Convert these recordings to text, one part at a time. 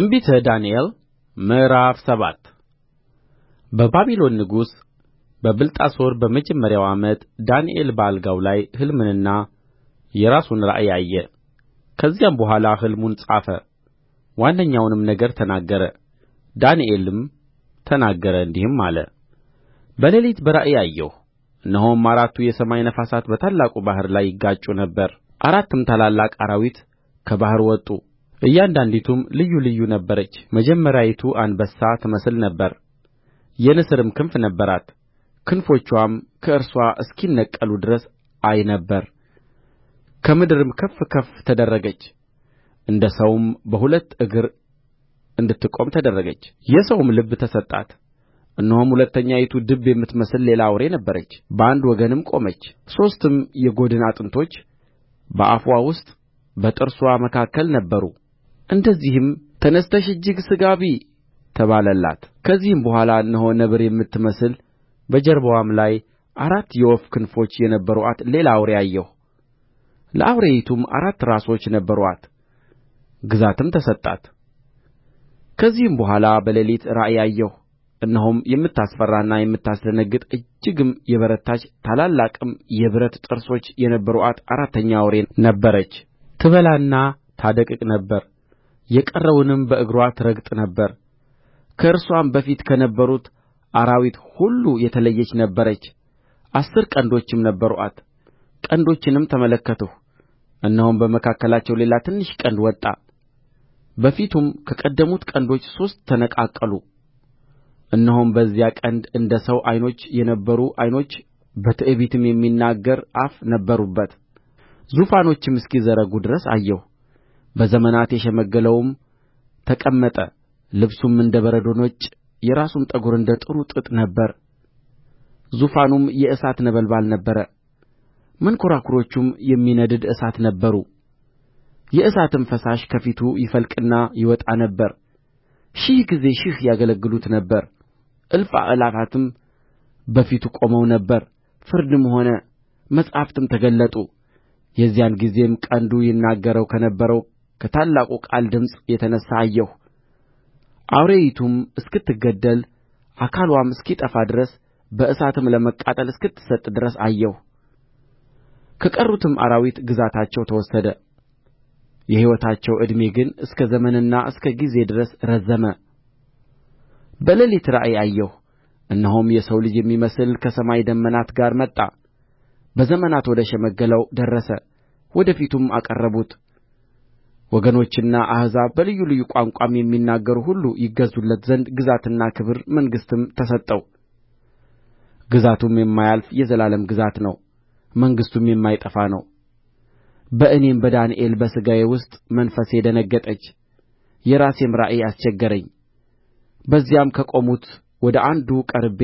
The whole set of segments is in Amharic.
ትንቢተ ዳንኤል ምዕራፍ ሰባት በባቢሎን ንጉሥ በብልጣሶር በመጀመሪያው ዓመት ዳንኤል በአልጋው ላይ ሕልምንና የራሱን ራእይ አየ። ከዚያም በኋላ ሕልሙን ጻፈ፣ ዋነኛውንም ነገር ተናገረ። ዳንኤልም ተናገረ እንዲህም አለ። በሌሊት በራእይ አየሁ፣ እነሆም አራቱ የሰማይ ነፋሳት በታላቁ ባሕር ላይ ይጋጩ ነበር። አራትም ታላላቅ አራዊት ከባሕር ወጡ እያንዳንዲቱም ልዩ ልዩ ነበረች መጀመሪያይቱ አንበሳ ትመስል ነበር የንስርም ክንፍ ነበራት ክንፎችዋም ከእርስዋ እስኪነቀሉ ድረስ አይ ነበር ከምድርም ከፍ ከፍ ተደረገች እንደ ሰውም በሁለት እግር እንድትቆም ተደረገች የሰውም ልብ ተሰጣት እነሆም ሁለተኛይቱ ድብ የምትመስል ሌላ አውሬ ነበረች በአንድ ወገንም ቆመች ሦስትም የጐድን አጥንቶች በአፍዋ ውስጥ በጥርስዋ መካከል ነበሩ እንደዚህም ተነሥተሽ እጅግ ሥጋ ብዪ ተባለላት ከዚህም በኋላ እነሆ ነብር የምትመስል በጀርባዋም ላይ አራት የወፍ ክንፎች የነበሩአት ሌላ አውሬ አየሁ ለአውሬይቱም አራት ራሶች ነበሩአት ግዛትም ተሰጣት ከዚህም በኋላ በሌሊት ራእይ አየሁ እነሆም የምታስፈራና የምታስደነግጥ እጅግም የበረታች ታላላቅም የብረት ጥርሶች የነበሩአት አራተኛ አውሬ ነበረች ትበላና ታደቅቅ ነበር የቀረውንም በእግርዋ ትረግጥ ነበር ከእርስዋም በፊት ከነበሩት አራዊት ሁሉ የተለየች ነበረች አሥር ቀንዶችም ነበሩአት ቀንዶችንም ተመለከትሁ እነሆም በመካከላቸው ሌላ ትንሽ ቀንድ ወጣ በፊቱም ከቀደሙት ቀንዶች ሦስት ተነቃቀሉ እነሆም በዚያ ቀንድ እንደ ሰው ዓይኖች የነበሩ ዓይኖች በትዕቢትም የሚናገር አፍ ነበሩበት ዙፋኖችም እስኪዘረጉ ድረስ አየሁ በዘመናት የሸመገለውም ተቀመጠ ልብሱም እንደ በረዶ ነጭ የራሱም ጠጕር እንደ ጥሩ ጥጥ ነበረ ዙፋኑም የእሳት ነበልባል ነበረ መንኰራኵሮቹም የሚነድድ እሳት ነበሩ የእሳትም ፈሳሽ ከፊቱ ይፈልቅና ይወጣ ነበር ሺህ ጊዜ ሺህ ያገለግሉት ነበር እልፍ አእላፋትም በፊቱ ቆመው ነበር ፍርድም ሆነ መጻሕፍትም ተገለጡ የዚያን ጊዜም ቀንዱ ይናገረው ከነበረው ከታላቁ ቃል ድምፅ የተነሣ አየሁ አውሬይቱም እስክትገደል አካልዋም እስኪጠፋ ድረስ በእሳትም ለመቃጠል እስክትሰጥ ድረስ አየሁ ከቀሩትም አራዊት ግዛታቸው ተወሰደ የሕይወታቸው ዕድሜ ግን እስከ ዘመንና እስከ ጊዜ ድረስ ረዘመ በሌሊት ራእይ አየሁ እነሆም የሰው ልጅ የሚመስል ከሰማይ ደመናት ጋር መጣ በዘመናት ወደ ሸመገለው ደረሰ ወደ ፊቱም አቀረቡት ወገኖችና አሕዛብ በልዩ ልዩ ቋንቋም የሚናገሩ ሁሉ ይገዙለት ዘንድ ግዛትና ክብር መንግሥትም ተሰጠው ግዛቱም የማያልፍ የዘላለም ግዛት ነው መንግሥቱም የማይጠፋ ነው በእኔም በዳንኤል በሥጋዬ ውስጥ መንፈሴ ደነገጠች የራሴም ራእይ አስቸገረኝ በዚያም ከቆሙት ወደ አንዱ ቀርቤ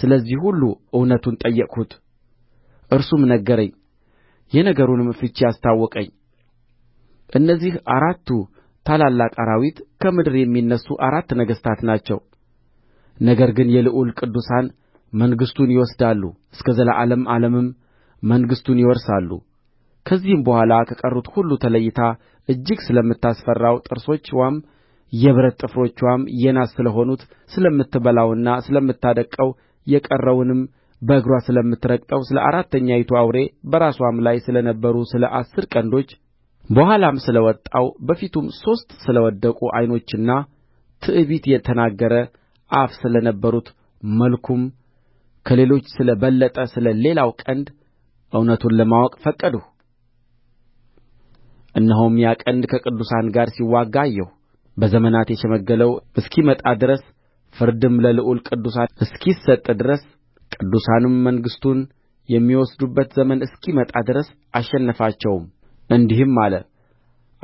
ስለዚህ ሁሉ እውነቱን ጠየቅሁት እርሱም ነገረኝ የነገሩንም ፍቺ አስታወቀኝ እነዚህ አራቱ ታላላቅ አራዊት ከምድር የሚነሡ አራት ነገሥታት ናቸው ነገር ግን የልዑል ቅዱሳን መንግሥቱን ይወስዳሉ እስከ ዘላለም ዓለምም መንግሥቱን ይወርሳሉ ከዚህም በኋላ ከቀሩት ሁሉ ተለይታ እጅግ ስለምታስፈራው ጥርሶችዋም የብረት ጥፍሮችዋም የናስ ስለ ሆኑት ስለምትበላውና ስለምታደቅቀው የቀረውንም በእግርዋ ስለምትረግጠው ስለ አራተኛይቱ አውሬ በራስዋም ላይ ስለ ነበሩ ስለ አሥር ቀንዶች በኋላም ስለ ወጣው በፊቱም ሦስት ስለ ወደቁ ዓይኖችና ትዕቢት የተናገረ አፍ ስለ ነበሩት መልኩም ከሌሎች ስለ በለጠ ስለ ሌላው ቀንድ እውነቱን ለማወቅ ፈቀድሁ እነሆም ያ ቀንድ ከቅዱሳን ጋር ሲዋጋ አየሁ በዘመናት የሸመገለው እስኪመጣ ድረስ ፍርድም ለልዑል ቅዱሳን እስኪሰጥ ድረስ ቅዱሳኑም መንግሥቱን የሚወስዱበት ዘመን እስኪመጣ ድረስ አሸነፋቸውም እንዲህም አለ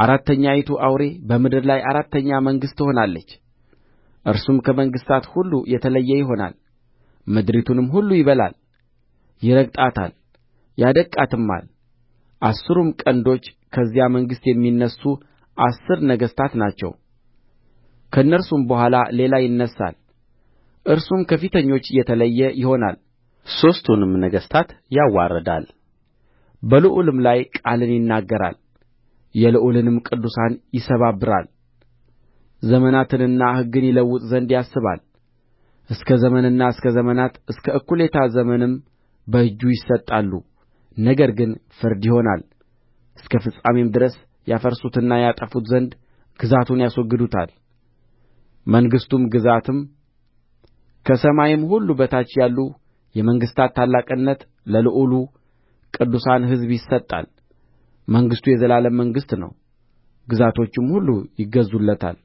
አራተኛይቱ አውሬ በምድር ላይ አራተኛ መንግሥት ትሆናለች እርሱም ከመንግሥታት ሁሉ የተለየ ይሆናል ምድሪቱንም ሁሉ ይበላል ይረግጣታል ያደቅቃትማል አሥሩም ቀንዶች ከዚያ መንግሥት የሚነሡ አሥር ነገሥታት ናቸው ከእነርሱም በኋላ ሌላ ይነሣል እርሱም ከፊተኞች የተለየ ይሆናል ሦስቱንም ነገሥታት ያዋርዳል በልዑልም ላይ ቃልን ይናገራል የልዑልንም ቅዱሳን ይሰባብራል ዘመናትንና ሕግን ይለውጥ ዘንድ ያስባል እስከ ዘመንና እስከ ዘመናት እስከ እኵሌታ ዘመንም በእጁ ይሰጣሉ ነገር ግን ፍርድ ይሆናል እስከ ፍጻሜም ድረስ ያፈርሱትና ያጠፉት ዘንድ ግዛቱን ያስወግዱታል መንግሥቱም ግዛትም ከሰማይም ሁሉ በታች ያሉ የመንግሥታት ታላቅነት ለልዑሉ ቅዱሳን ሕዝብ ይሰጣል መንግሥቱ የዘላለም መንግሥት ነው ግዛቶችም ሁሉ ይገዙለታል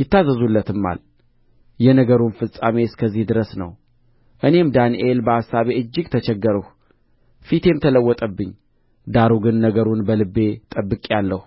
ይታዘዙለትማል የነገሩም ፍጻሜ እስከዚህ ድረስ ነው እኔም ዳንኤል በአሳቤ እጅግ ተቸገርሁ ፊቴም ተለወጠብኝ ዳሩ ግን ነገሩን በልቤ ጠብቄአለሁ